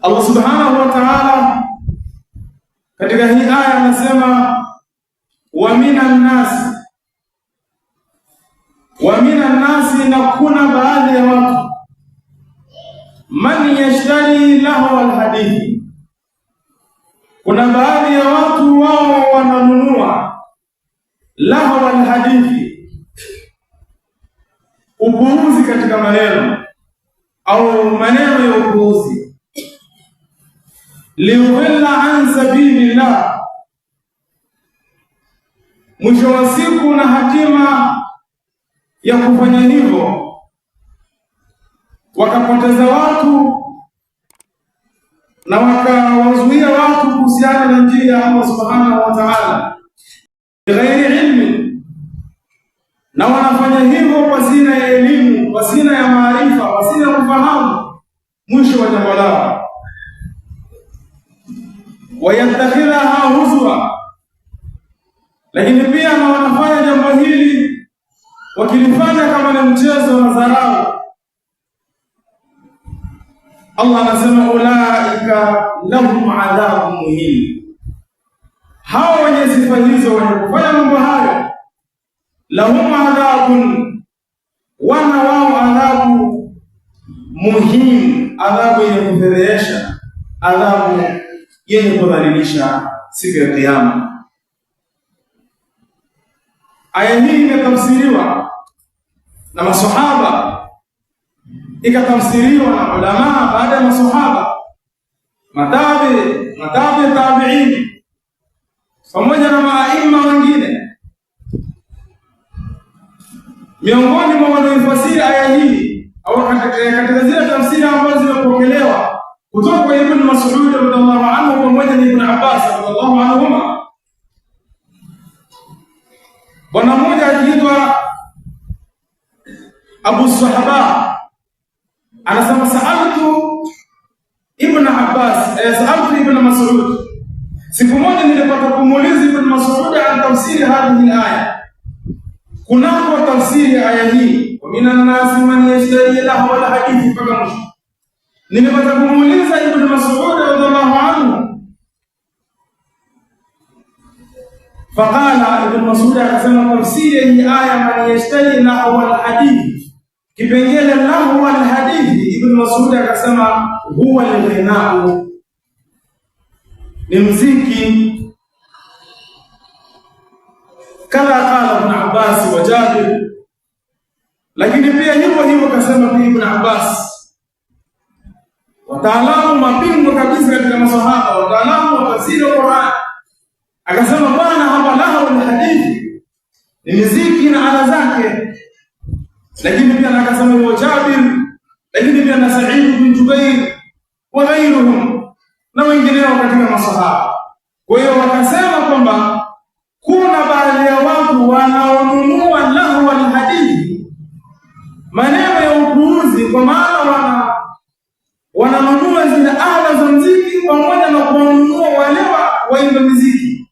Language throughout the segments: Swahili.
Allah subhanahu wa ta'ala katika hii aya anasema wa minan nas, wa minan nas, na kuna baadhi ya watu man yashtari lahu alhadithi, kuna baadhi ya watu wao wananunua lahu alhadithi, upuuzi katika maneno au maneno ya upuuzi liudilla an sabilillah, mwisho wa siku na hatima ya kufanya hivyo wakapoteza watu na wakawazuia watu kuhusiana na njia ya Allah subhanahu wa ta'ala, bighairi ilmi, na wanafanya hivyo pasina ya elimu, pasina ya maarifa, pasina ya kufahamu mwisho wa jambo lao wayattakhidhaha huzwa lakini pia na wanafanya jambo hili wakilifanya kama ni mchezo na dharau. Allah anasema ulaika lahum adhabu muhin, hawa wenye sifa hizo, wenye kufanya mambo hayo, lahum adhabun, wana wao adhabu muhimu, adhabu yenye kufedhehesha, adhabu yenye kudhalilisha siku ya Kiyama. Aya hii imetafsiriwa na maswahaba, ikatafsiriwa na ulama baada ya maswahaba, matabi matabi tabiini, pamoja na maaima wengine. Miongoni mwa wanaofasiri aya hii au katika zile tafsiri ambazo zimepokelewa kutoka kwa Ibn Mas'ud radhiallahu anhu pamoja na Ibn Abbas radhiallahu anhuma. Bwana mmoja akiitwa Abu Sahaba anasema saaltu Ibn Abbas, eh, saaltu Ibn Mas'ud, siku moja nilipata kumuuliza Ibn Mas'ud an tafsiri hadhihi al-aya, kunako tafsiri aya hii, wa minan nasi man yashtari lahwa al-hadithi, mpaka mwisho Nimepata kumuuliza Ibn Mas'ud radhiallahu anhu, faqala, Ibn Mas'ud akasema tafsiri hii aya, man yashtari lahwa alhadithi, kipengele lahwa alhadithi. Ibn Mas'ud akasema huwa alghinau, ni mziki. Kama qala Ibn Abbas wa Jabir, lakini pia hivyo hivyo kasema pia Ibn Abbas wataalamu mabingwa kabisa katika maswahaba, wataalamu wa tafsiri Qur'an, akasema bwana, hapa lahu ni hadithi, ni miziki na ala zake, lakini pia akasema wa Jabir, lakini pia na Sa'id bin Jubair wa ghairuhum na wengineo katika maswahaba. Kwa hiyo wakasema kwamba kuna baadhi ya watu wanaonunua lahu walhadithi, maneno ya upuuzi, kwa maana wana wananunua zile ala za mziki pamoja na kuwanunua walewa waimba mziki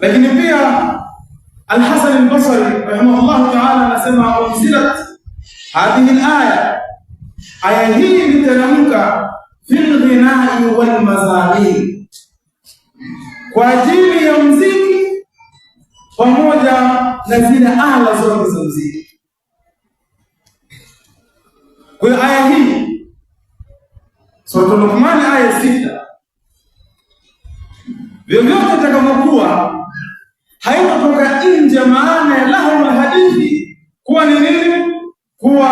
Lakini pia Al-Hasan al rahimahullah ta'ala anasema unzilat hadhihi al-aya, hii iliteremka fil ghinai wal kwa ajili ya mziki pamoja na zile ala zote za mziki. Kwa hiyo aya hii Sura Luqman aya sita, vyovyote itakavyokuwa haitatoka nje maana ya lahu hadithi kuwa ni nini? Kuwa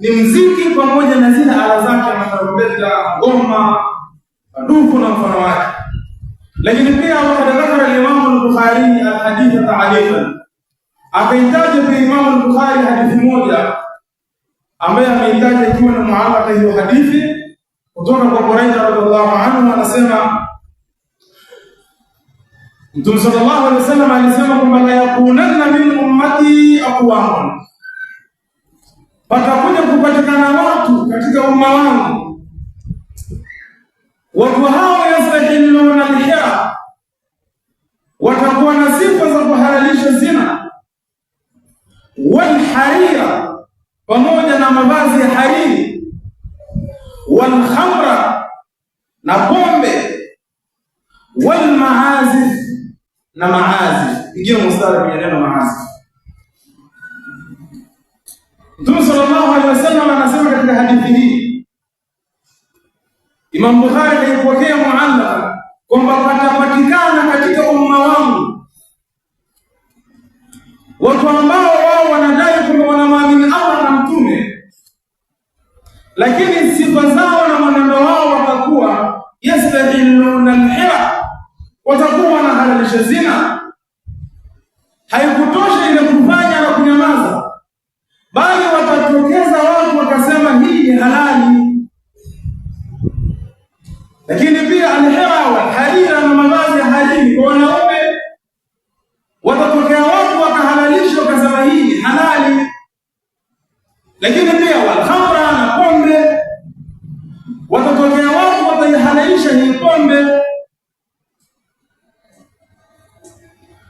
ni mziki pamoja na zile ala zake, matarumbeta, ngoma, adufu na mfano wake. Lakini pia wakadakara limamu Lbukhari alhaditha taarifan, akaitaja pia Imamu Lbukhari hadithi moja ambaye ameitaja ikiwa na mualaka hiyo hadithi kutoka kwa Buraida radhiallahu anhu anasema Mtume sallallahu alaihi wasallam alisema kwamba la yakunanna min ummati aqwamun, patakuja kupatikana watu katika umma wangu, watu hao yastahilluna liha, watakuwa na sifa za kuhalalisha zina, walharira, pamoja na mavazi ya hariri walkhamra na pombe, walmaazif na maazi. Pigia mstari kwenye neno maazi. Mtume sallallahu alaihi wasallam anasema katika hadithi hii, Imam Bukhari alipokea muallaka kwamba patapatikana katika umma wangu watu ambao wao wanadai kwamba wana lakini sifa zao na mwenendo wao watakuwa yastahiluna lhira, watakuwa wanahalalisha zina. Haikutosha ile kufanya na kunyamaza, bali watatokeza watu wakasema hii ni halali. Lakini pia alhira walharira, na mavazi ya hajini kwa wanaume, watatokea watu wakahalalisha wakasema hii ni halali. Lakini pia walhamra watatokea watu wataihalaisha hii pombe.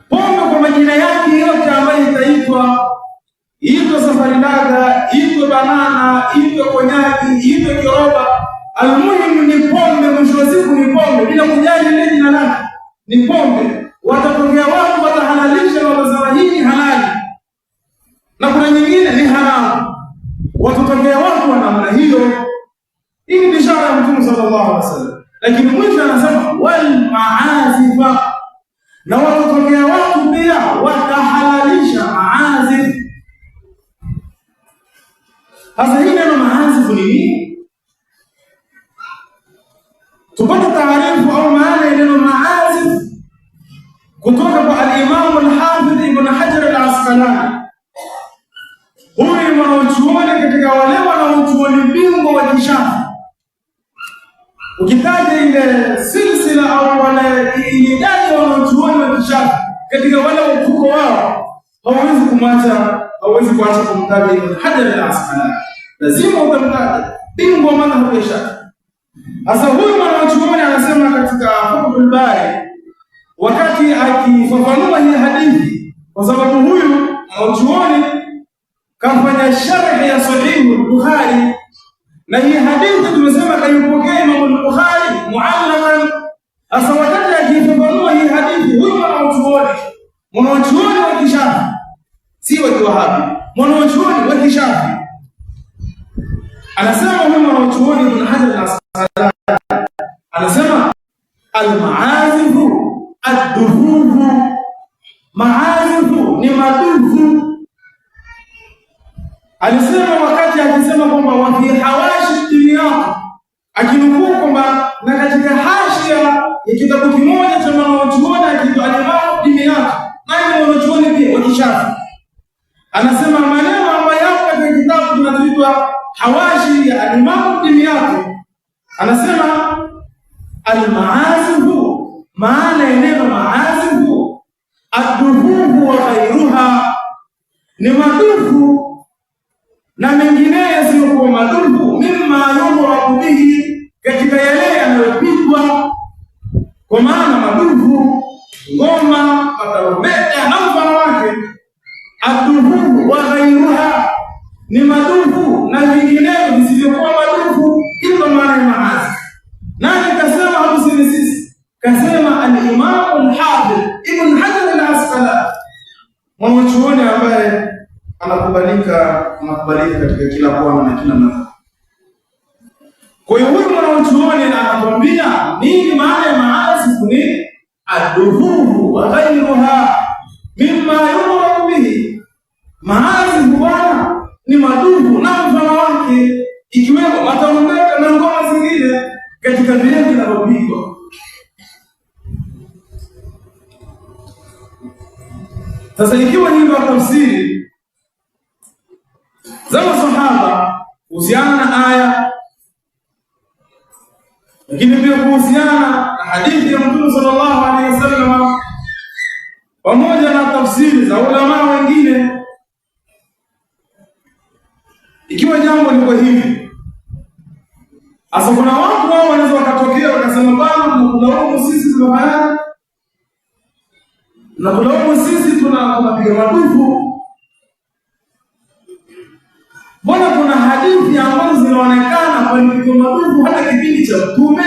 Pombe kwa majina yake yote ambayo itaitwa, itwe safarindaga, itwe banana, itwe konyaki, itwe kiroba, almuhimu ni pombe. Mwisho wa siku ni pombe, bila kujali ile jina lake ni pombe. Watatokea watu watahalalisha na watasema hii halali, na kuna nyingine ni haramu. Watatokea watu wa namna Mtume sallallahu alaihi wasallam, lakini mwisho anasema wal maazifa, na wakatokea watu pia watahalalisha maazif. hasa hii neno maazif ni nini? Tupate taarifu au maana ya neno maazif kutoka kwa al-Imam al-Hafidh Ibn Hajar al-Asqalani. Huyu ni mwanachuoni katika wale wanaochuoni bingwa wa kishafi Ukitaja ile silsila au wale idadi wanaochuoni wa kishaka katika wale ukuko wao, hauwezi kumwacha, hauwezi kuacha kumtaja Ibn Hajar al Asqalani, lazima utamtaja bingwa madhhabu ya shaka. Sasa huyu mwanachuoni anasema katika Fathul Bari, wakati akifafanua hii hadithi, kwa sababu huyu mwanachuoni kafanya sharhi ya Sahihi Bukhari na hii hadithi tumesema kaipokea Imamu Bukhari muallaman. Sasa wakati akiifafanua hii hadithi, huyu mwanachuoni mwanachuoni wa kishafi, si wa kiwahabi, mwanachuoni wa kishafi anasema huyu mwanachuoni Ibn Hajar al-Asqalani anasema al-ma'azifu ad-dufufu ma'azif Alisema wakati akisema kwamba wafi hawashi dunia, akinukuu kwamba na katika hashia ya kitabu kimoja cha mwanachuoni akiitwa Alimamu dini yako, naye mwanachuoni pia wa anasema maneno ambayo yako katika kitabu kinachoitwa hawashi ya Alimamu dini anasema almaazihu, maana ya neno maazihu, aduhuhu wa ghairuha, ni madufu na mengineyo yasiyokuwa madhulumu, mimma yuraku bihi, katika yale yanayopigwa kwa maana katika kila kona na kila mahali. Kwa hiyo huyu mwanachuoni anamwambia nini maana ya maasi ni aduhuru wa ghairuha mimma yumramu bihi. maasi bwana ni maduhu na mfano wake, ikiwemo matarumbeta na ngoma zingine katika vile vinavyopigwa. Sasa ikiwa hivyo tafsiri za masahaba kuhusiana na aya, lakini pia kuhusiana na hadithi ya Mtume sallallahu alaihi wasallam pamoja na tafsiri za ulama wengine. Ikiwa jambo liko hivi hasa, kuna watu wao wanaweza wakatokea wakasema, bana, tunakulaumu sisi tuna hayana, tunakulaumu sisi tunapiga madufu Mbona kuna hadithi ambazo zinaonekana mpigo mtukufu hata kipindi cha mtume?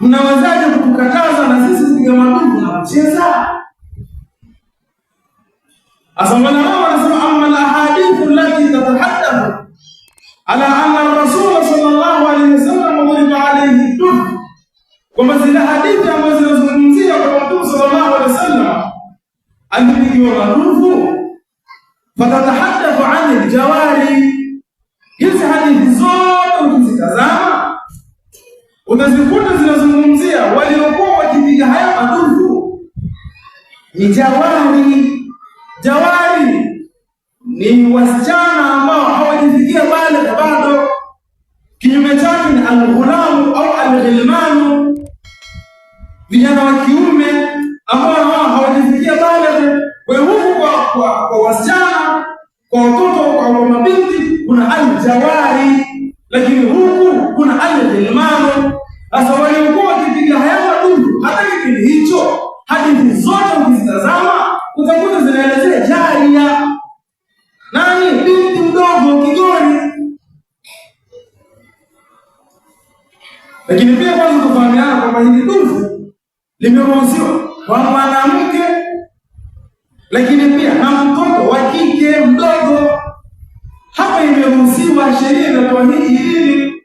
Mnawezaje kutukataza na sisi kupiga madumu na kucheza? mwana wao anasema ni jawari. Jawari ni wasichana nguvu limeruhusiwa kwa mwanamke, lakini pia na mtoto wa kike mdogo. Hapa imeruhusiwa, sheria za hii hili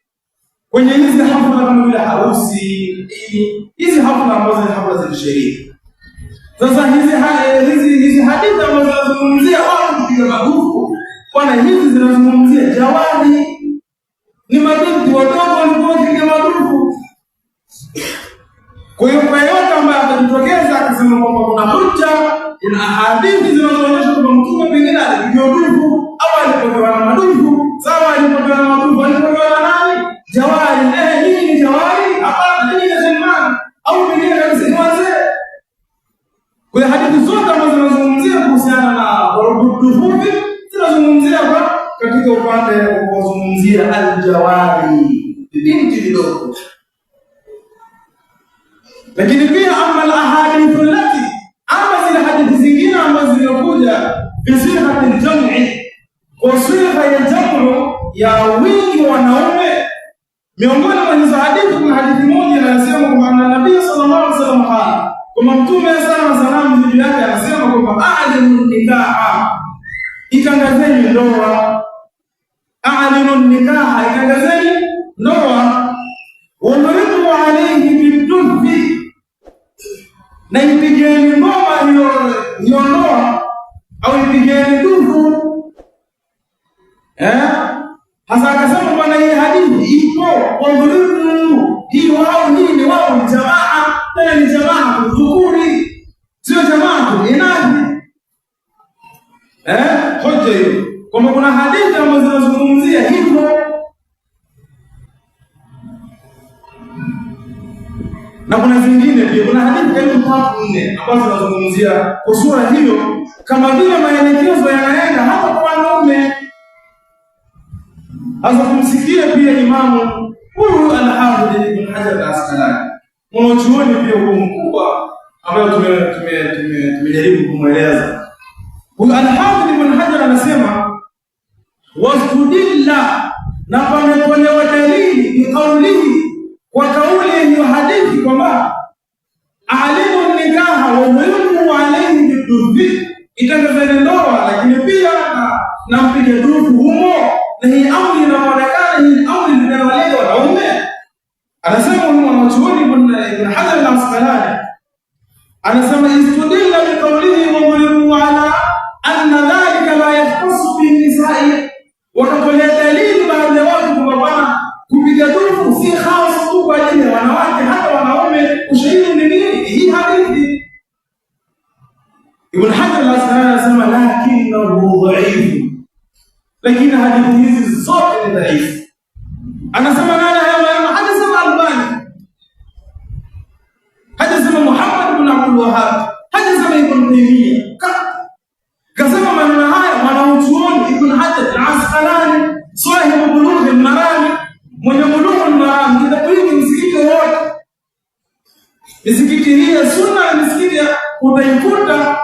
kwenye hizi hafla kama vile harusi, hizi hafla ambazo ni hafla za sheria. Sasa hizi hizi hizi hadithi ambazo zinazungumzia watu kupiga magufu, bwana, hizi zinazungumzia jawadi, ni mabinti wadogo walikuwa wakipiga magufu kwa hiyo kwa yote ambaye atajitokeza akasema kwamba kuna hoja, kuna hadithi zinazoonyesha kwamba mtume pengine alipigiwa dufu au alipokewa na madufu, sawa, alipokewa na madufu, alipokewa na nani? Jawari. Eh, hii ni jawari, hapana, ni Suleiman au pengine kabisa ni wazee. Kwa hadithi zote ambazo zinazungumzia kuhusiana na dufu zinazungumzia kwa katika upande wa kuzungumzia aljawari, binti vidogo lakini pia ama alahadithu lati, ama zile hadithi zingine ambazo zimekuja bisihati ljamci, kwa sifa ya jamu ya wingi wanaume. Miongoni mwa hizo hadithi kuna hadithi moja inayosema kwamba na Nabii sallallahu alaihi wasallam qala, kwamba Mtume sana salamu juu yake anasema kwamba alinu nikaha, itangazeni ndoa. Alinu nikaha, itangazeni ndoa. na ipigeni ngoma hiyo ndoa au ipigeni dufu eh? Hasa akasema bwana, hii hadithi ipo kwa mlimu hii wao nini, wao ni jamaa, tena ni jamaa kuzukuri, sio jamaa kuinadi eh? hoja hiyo kwamba kuna hadithi ambazo zinazungumzia hivyo na kuna zingine pia, kuna hadithi karibu tatu nne ambazo zinazungumzia kwa sura hiyo, kama vile maelekezo yanaenda hata kwa wanaume. Hasa kumsikia pia imamu huyu al Ibn Hajar Al-Asqalani, mwanachuoni pia huo mkubwa ambayo tumejaribu kumweleza huyu al Ibn Hajar anasema, wastudilla na pametolewa dalili biqaulihi kwa kauli hiyo hadithi kwamba alimu nikaha wa muhimu alaihi bidufi, itangaza ndoa lakini pia na mpiga dufu humo, na hii amri inaonekana hii amri inawalenga wanaume. Anasema mwanachuoni Ibn Hajar al-Asqalani anasema ni dhaifu. Anasema nani hayo maneno? Hajasema Albani, hajasema Muhammad bin Abdul Wahhab, hajasema Ibn Taymiyyah. Kasema maneno haya mwanachuoni Ibn Hajar al-Asqalani, sahibu Bulugh al maram mwenye Bulugh al maram kitabu hiki msikiti wote msikiti hii ya sunna ya misikiti ya utaikuta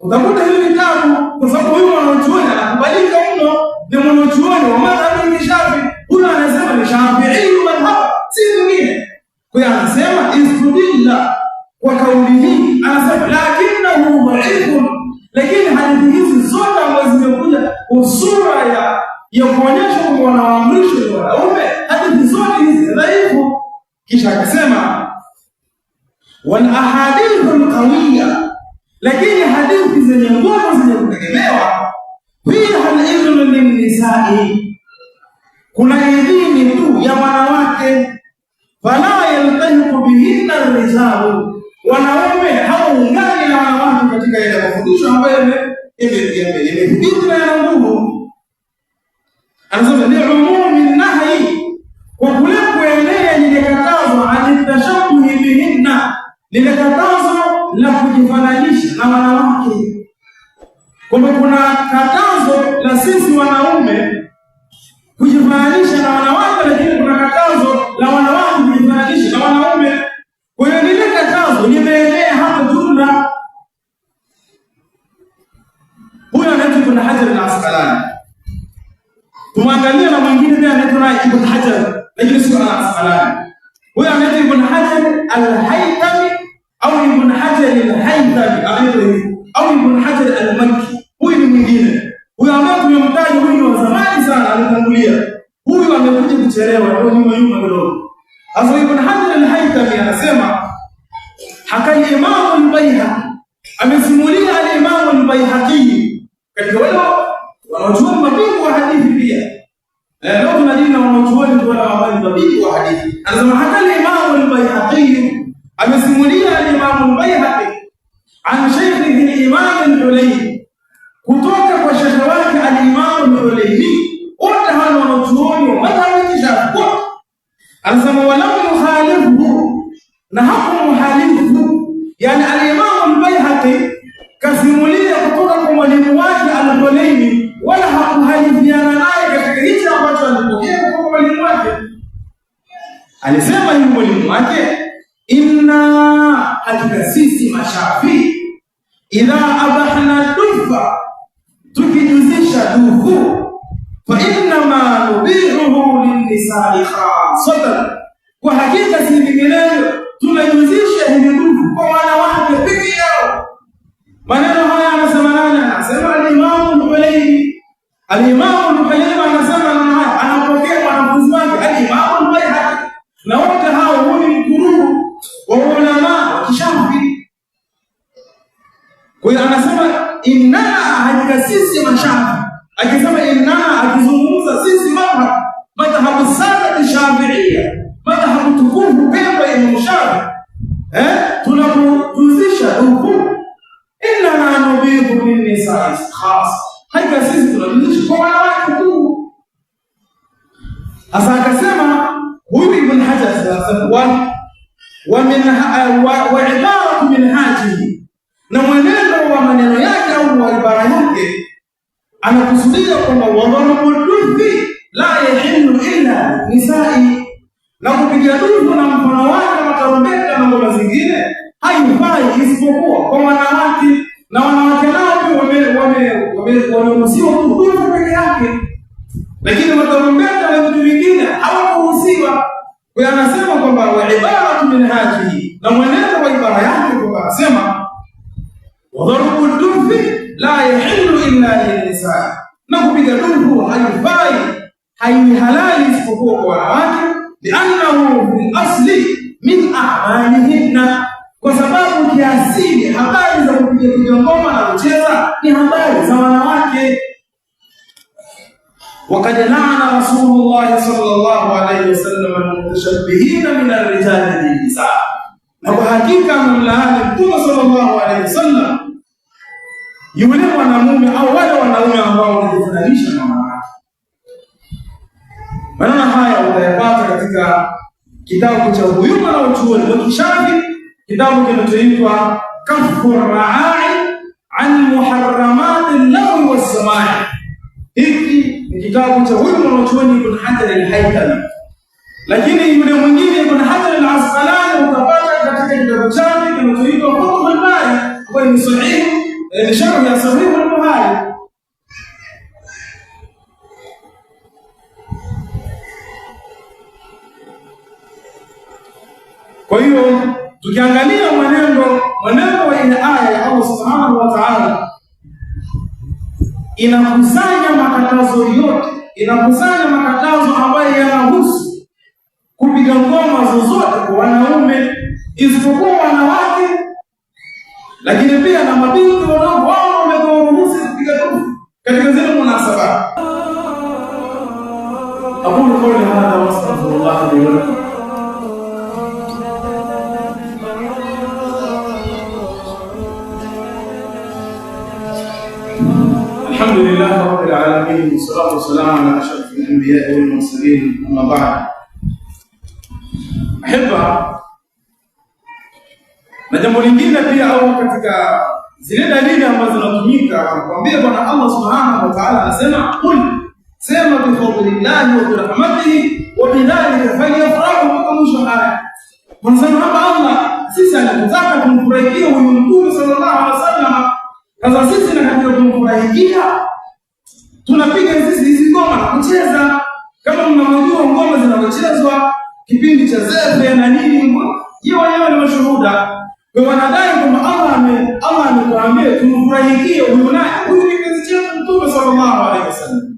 utakuta hili kitabu, kwa sababu huyu mwanachuoni anakubalika mno ni mwanachuoni wa madhhabi ni Shafi. Huyo anasema ni Shafi'i madhhab, si mwingine. Kwa hiyo anasema istudilla kwa kauli hii, anasema lakinahu dhaifun, lakini hadithi hizi zote ambazo zimekuja usura ya ya kuonyesha kwamba wanaamrishwa ni wanaume, hadithi zote hizi dhaifu. Kisha akasema wal ahadithu alqawiyya, lakini hadithi zenye nguvu zenye kutegemewa fiha idhnu linnisai, kuna idhini tu ya wanawake. Fala yaltahiku bihinna rijalu, wanaume hawaungani na wanawake katika ile mafundisho ambayo imepitwa ya nguvu. Anasema ni umumi nahi, kwa kule kuenea lile katazo anitashabuhi bihinna, lile la kujifananisha na wanawake kwamba kuna katazo la sisi wanaume kujifananisha na wanawake, lakini kuna katazo la wanawake kujifananisha na wanaume. Kwa hiyo lile katazo limeenea hapo jumla. Huyo anaitwa Ibn Hajar na Askalani, tumwangalia na mwingine pia anaitwa na Ibn Hajar, lakini sio al-Asqalani. Huyo anaitwa Ibn Hajar al-Haythami au Ibn Hajar al-Haythami, anaitwa hivi au Ibn Hajar al-Makki. Huyu ni mwingine huyu ambaye tumemtaja, huyu ni wa zamani sana, ametangulia. Huyu amekuja kuchelewa, ndio nyuma nyuma kidogo. Sasa Ibn Hajar al-Haythami anasema hakani Imamu al-Baihaqi amesimulia al-Imamu al-Baihaqi katika wale wanaochuoni mabingwa wa hadithi pia eh, leo tuna dini na wanaochuoni ndio wale mabingwa wa hadithi. Anasema hakani Imamu al-Baihaqi amesimulia al-Imamu al-Baihaqi an shaykhihi al-Imam al kutoka kwa shekhe wake al-Imam al-Ulaymi. Wote hawa wanachuoni wa madhhabi ya Shafi'i anasema walam yukhalifu, na hapo muhalifu, yani al-Imam al-Baihaqi kasimulia kutoka kwa mwalimu wake al wala hakuhalifiana naye katika hicho ambacho alipokea kutoka kwa mwalimu wake. Alisema hivi mwalimu wake, inna, hakika sisi mashafii idha abahna dufa, tukijuzisha dufu, fa innama nubihuhu linnisai khasatan, kwa hakika si vinginevyo tunajuzisha hili dufu kwa wanawake peke yao. Maneno haya anasemanana, anasema alimamu Lhuleili, alimamu Lhuleili haifai isipokuwa kwa wanawake, na wanawake nao wameruhusiwa kuhudumu peke yake, lakini matarumbeta na vitu vingine hawakuruhusiwa. Anasema kwamba wa ibaratu min haji na mwenendo wa ibara yake kwamba anasema wadharubu dufi la yahilu illa linisaa, na kupiga dufu haifai haihalali isipokuwa kwa wanawake, liannahu fil asli min a'malihinna kwa sababu kiasili habari za kupiga ngoma na kucheza ni habari za wanawake. Wakad laana Rasulullahi sallallahu alaihi wasallam almutashabihina min alrijali binnisa, na kwa hakika amemlaani Mtume sallallahu alaihi wasallam yule mwanamume au wale wanaume ambao wanajifananisha na wanawake. Maneno haya utayapata katika kitabu cha huyuma na Uchuoni wa Kishafi. kitabu kinachoitwa Kafu Raai an Muharramati Lahwi Wassamai. Hiki ni kitabu cha huyu mwanachuoni Ibn Hajar al-Haytami, lakini yule mwingine Ibn Hajar al-Asqalani utapata katika kitabu chake kinachoitwa Fathul Bari, ambayo ni sahihi ni sharh ya Sahih al-Bukhari kwa hiyo Tukiangalia mwenendo mwenendo wa ile aya ya Allah subhanahu wa ta'ala, inakusanya makatazo yote, inakusanya makatazo ambayo yanahusu kupiga ngoma zozote kwa wanaume isipokuwa wanawake, lakini pia na mabinti wanao wao wamekuruhusu kupiga ngoma katika zile munasaba. Aqulu qawli hadha wa astaghfirullah li wa lakum لله رب العالمين والصلاة والسلام على أشرف الأنبياء والمرسلين أما بعد Ahibba, na jambo lingine pia, au katika zile dalili ambazo zinatumika anakuambia Bwana Allah subhanahu wa ta'ala anasema, qul sema bifadlillahi wa birahmatihi wa bidhalika falyafrahu, mpaka mwisho aya. Wanasema hapa Allah sisi alikutaka kumfurahikia huyu mtume sallallahu alaihi wasallam. Sasa sisi na katika kumfurahikia tunapiga hizi hizi ngoma na kucheza kama mnavyojua ngoma zinavyochezwa kipindi cha zefe na nini, hiyo wenyewe ni mashuhuda. Kwa wanadai kwamba Allah ame Allah ametuambia tumfurahikie huyu naye, huyu ni kipenzi cha Mtume sallallahu alaihi wasallam.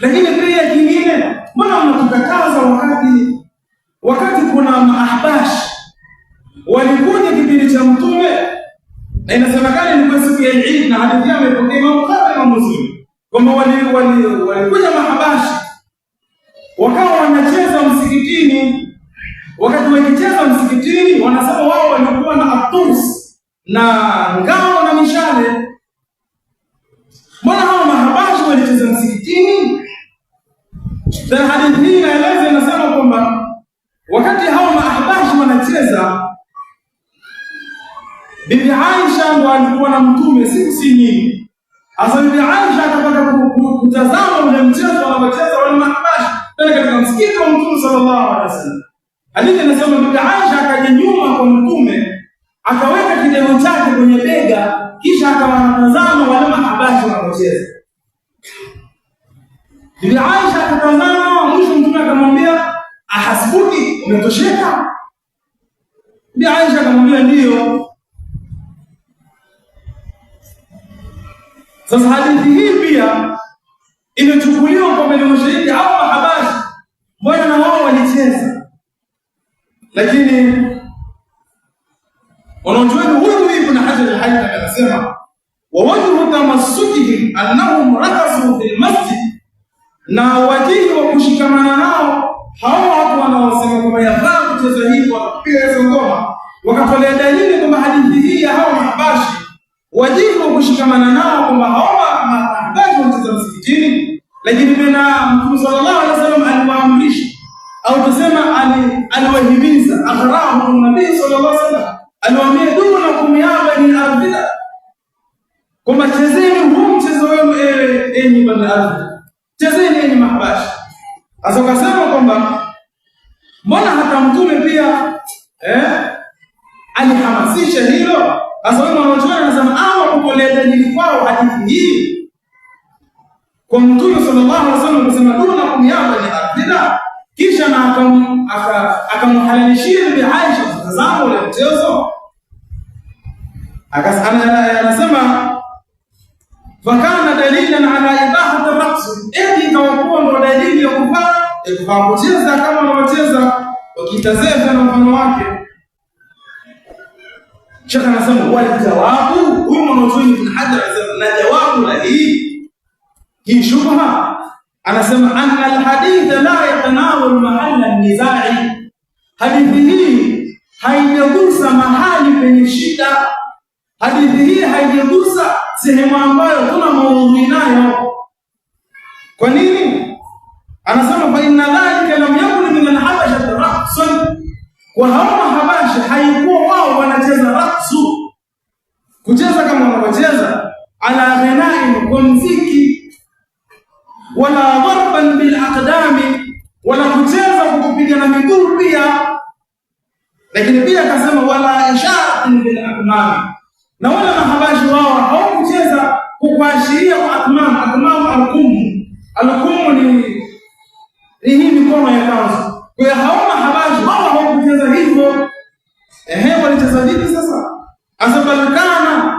Lakini pia kingine, mbona mnatukataza wakati wakati kuna maahbash walikuja kipindi cha Mtume na inasemekana ilikuwa siku ya Eid na hadithi yao imepokea Imam Bukhari na Muslim kwamba walikuja wali, walikuja mahabashi wakawa wanacheza msikitini. Wakati wakicheza msikitini, wanasema wao walikuwa na atus na ngao na mishale. Mbona hao mahabashi walicheza msikitini? Na hadithi hii inaeleza, inasema kwamba wakati hao mahabashi wanacheza, Bibi Aisha ndo alikuwa na mtume siku si nyingi Hasa Bibi Aisha akapata kutazama ule mchezo wanaocheza wale mahamashi tena katika msikiti wa Mtume sallallahu alaihi wasallam. Hadithi inasema Bibi Aisha akaja nyuma kwa Mtume akaweka kidevu chake kwenye bega, kisha akawatazama wale mahabashi wanaocheza. Bibi Aisha akatazama, mwisho Mtume akamwambia, ahasbuki, ah, umetosheka? Bibi Aisha akamwambia ndiyo Sasa hadithi hii pia imechukuliwa kwa Bani au mahabashi, mbona na wao walicheza. Lakini wanaochuoni huyu Ibn Hajar al-Haythami anasema wa wajhu tamassukihi annahum rakasu fil masjid, na wajihi wa kushikamana nao hao watu wanaosema kwamba yafaa kucheza hivi, wakapiga hizo ngoma, wakatolea dalili kwamba hadithi hii ya hao Mahabashi wajibu wa kushikamana nao kwamba hawa matangazo wanacheza msikitini, lakini tena Mtume sallallahu alaihi wasallam aliwaamrisha au tusema aliwahimiza, akhrahu nabii sallallahu alaihi wasallam aliwaambia, dunakum ya bani ardhina, kwamba chezeni huu mchezo wenu e, enyi bani ardhi, chezeni enyi mahabashi. Sasa ukasema kwamba mbona hata mtume pia eh, alihamasisha hilo sasa wewe mwanachuoni anasema hao ah, kukolea dini kwao hadithi hii kwa Mtume sallallahu alaihi wasallam kusema duna kumyamba ni abdila, kisha na akamhalalishia Bibi Aisha tazama ule mchezo anasema fakana dalilan ala ibahati raqsi, eti ikawakuwa ndo dalili ya kuvaa ya kuvaa kucheza kama wanacheza wakitazeza na mfano wake Shekh anasema wal jawabu, huyu mwanazuoni Ibn Hajar anasema na jawabu la hii hii shubha, anasema an alhadith la yatanawal mahala nizai, hadithi hii haijagusa mahali penye shida. Hadithi hii haijagusa sehemu ambayo kuna maudhui nayo. Kwa nini? Anasema fa inna dhalika lam yakun min alhabasha rasan Wahaoma mahabashi haikuwa wao wanacheza raksu, kucheza kama wanavyocheza ala ghanaim, kwa mziki, wala darban bil aqdami, wala kucheza kwa na miguu pia. Lakini pia akasema wala ishaatin bil aqmam, na wala mahabashi wao hawakucheza kwa kuashiria kwa aqmam. Aqmam alkumu, alkumu ni hii mikono ya kanzu kwa hauna hawana habari, wala hawakucheza hivyo. Ehe, walicheza nini sasa? Asa balkana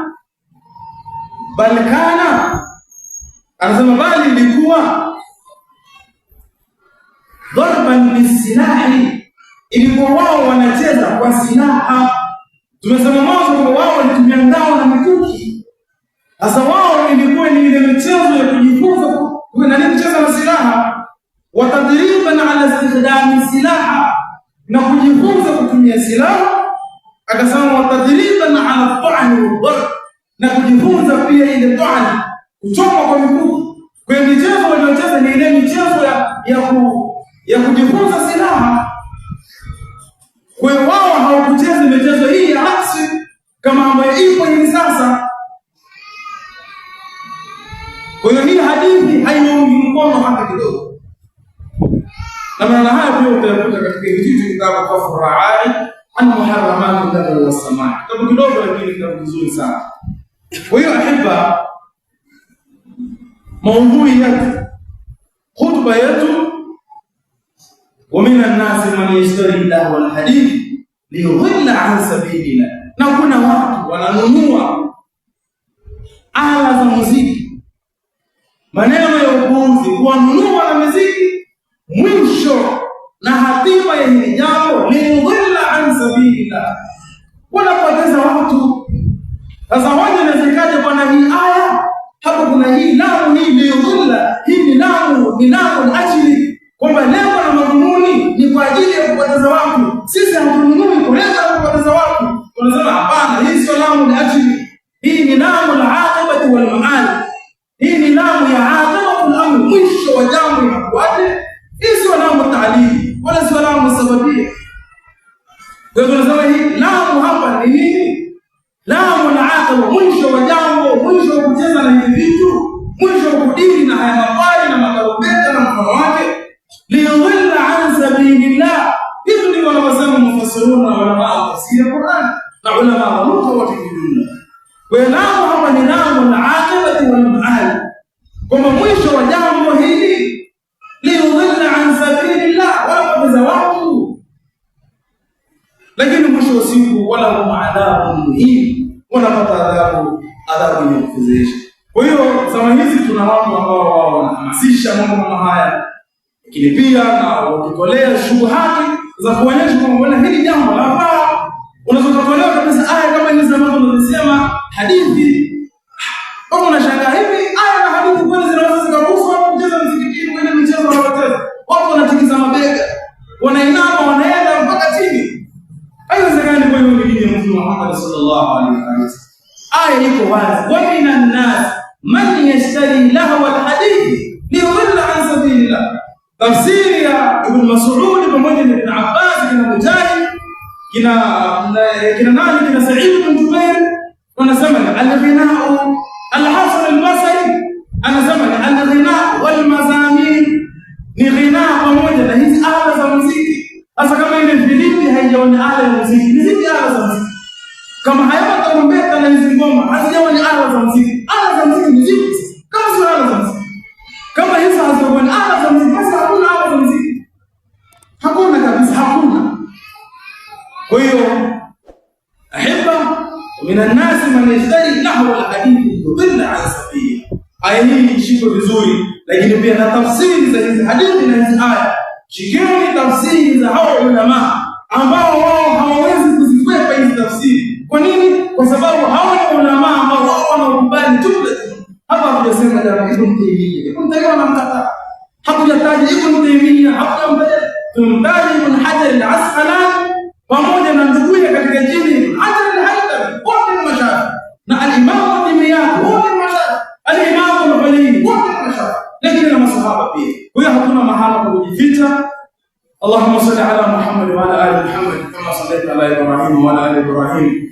balkana, anasema bali ilikuwa dharban bisilahi, ilikuwa wao wanacheza kwa silaha. Tumesema mwanzo kwa wao walitumia ngao na mikuki. Sasa wao ilikuwa ni ile michezo ya kujifunza, kuna nani kucheza na silaha wa ala istikhdami silaha, na kujifunza kutumia silaha. Akasema wa tadriban ala ta'ni wadar, na kujifunza pia ile ta'ni, kuchoma kwa mikuki. Kwa michezo waliocheza ni ile michezo ya ya, ku, ya kujifunza silaha. Kwa wao hawakucheza michezo hii ya aksi kama ambayo ipo hivi sasa. Kwa hiyo hii hadithi haiungi mkono hata kidogo na maana haya pia utayakuta katika Injili, kitabu Kafu furaai an muharramat Muharramati wa samaa, kitabu kidogo lakini kitabu kizuri sana. Kwa hiyo ahiba, maudhui yetu khutba yetu, wa minan nasi man yashtari lahu alhadithi liyudilla an sabilina, na kuna watu wananunua ala za muziki, maneno ya upuuzi, kuwanunua na muziki mwisho na hatima ya hili jambo ni liyudhilla an sabilillah, wanapoteza watu. Sasa hoja inawezekaje bwana? Hii aya hapo kuna hii lamu, hii liyudhilla, hii ni lamu, ni lamu ajili kwamba lengo na madhumuni ni kwa ajili ya kupoteza watu. Sisi hatununui kuleta kupoteza watu, tunasema hapana, hii sio ni ajili, hii ni lamu la aqibati wal maali, hii ni lamu ya aqibati, mwisho wa jambo inakuwaje? Hii sio lamu taalili wala sio lamu sababia. Kwa hivyo tunasema hii lamu hapa ni nini? Lamu na mwisho wa jambo, mwisho wa kucheza na hivi vitu, mwisho wa kudili na haya mafari na makarumbeta na mfano wake, liyudilla an sabilillah. Hivyo ndivyo wanavyosema mufasiruna na ulamaa wa tafsiri ya Qur'an na ulamaa wa lugha wote kijumla. Kwa hiyo lamu hapa ni lamu na wal maali, kwamba mwisho wa jambo hili liudilla an sabilillah, wanapoteza watu, lakini mwisho wa siku walahum adhabun muhim, wanapata adhabu, adhabu yenye kufedhehesha. Kwa hiyo zama hizi tuna watu ambao wao wanahamasisha mambo kama haya, lakini pia na wakitolea shughuli za kuonyesha kwamba hili jambo la hapa kabisa, aya kama hizi ambazo unazisema hadithi, unashangaa hivi aya na hadithi kweli zina wewe mimi ni Mtume Muhammad sallallahu alaihi wasallam. Aya iko wazi, wa minan nas man yashtari lahwa alhadithi liyudilla an sabilillah. Tafsiri ya Ibn Mas'ud pamoja na Ibn Abbas kina Mujahid kina kina nani kina Sa'id bin Jubair wanasema al-ghina'u al-Hasan al-Basri anasema al-ghina'u wal mazamin ni ghina pamoja na hizi ala za muziki. Sasa kama ile filimbi haijaona ala ya muziki Kama haya matarumbeta na hizi ngoma hazijawa ni ala za muziki, ala za muziki ni zipi? Kama sio ala za muziki, kama hizo hazijawa ni ala za muziki, basi hakuna ala za muziki, hakuna kabisa, hakuna. Kwa hiyo ahiba minan nasi man yashtari lahu alhadithi yudilla an sabili. Aya hii ishiko vizuri, lakini pia na tafsiri za hizi hadithi na hizi aya, shikeni tafsiri za hao ulama ambao wao hawawezi kuzikwepa hizi tafsiri Kwa nini? Kwa sababu hao ni ulama ambao wao wanaubali jumla. Hapa hakujasema dara Ibn Taymiyyah, Ibn Taymiyyah anamkataa, hakujataja Ibn Taymiyyah, hakutamtaja, tumtaja Ibn Hajar al-Asqalani pamoja na nduguye katika jini Hajar al-Haythami, wote ni mashafi na al-Imam Taymiyyah, wote ni mashafi, al-Imam al-Ghazali, wote ni mashafi, lakini na masahaba pia. Kwa hiyo hakuna mahala pa kujificha. اللهم صل على محمد وعلى ال محمد كما صليت على ابراهيم وعلى ال ابراهيم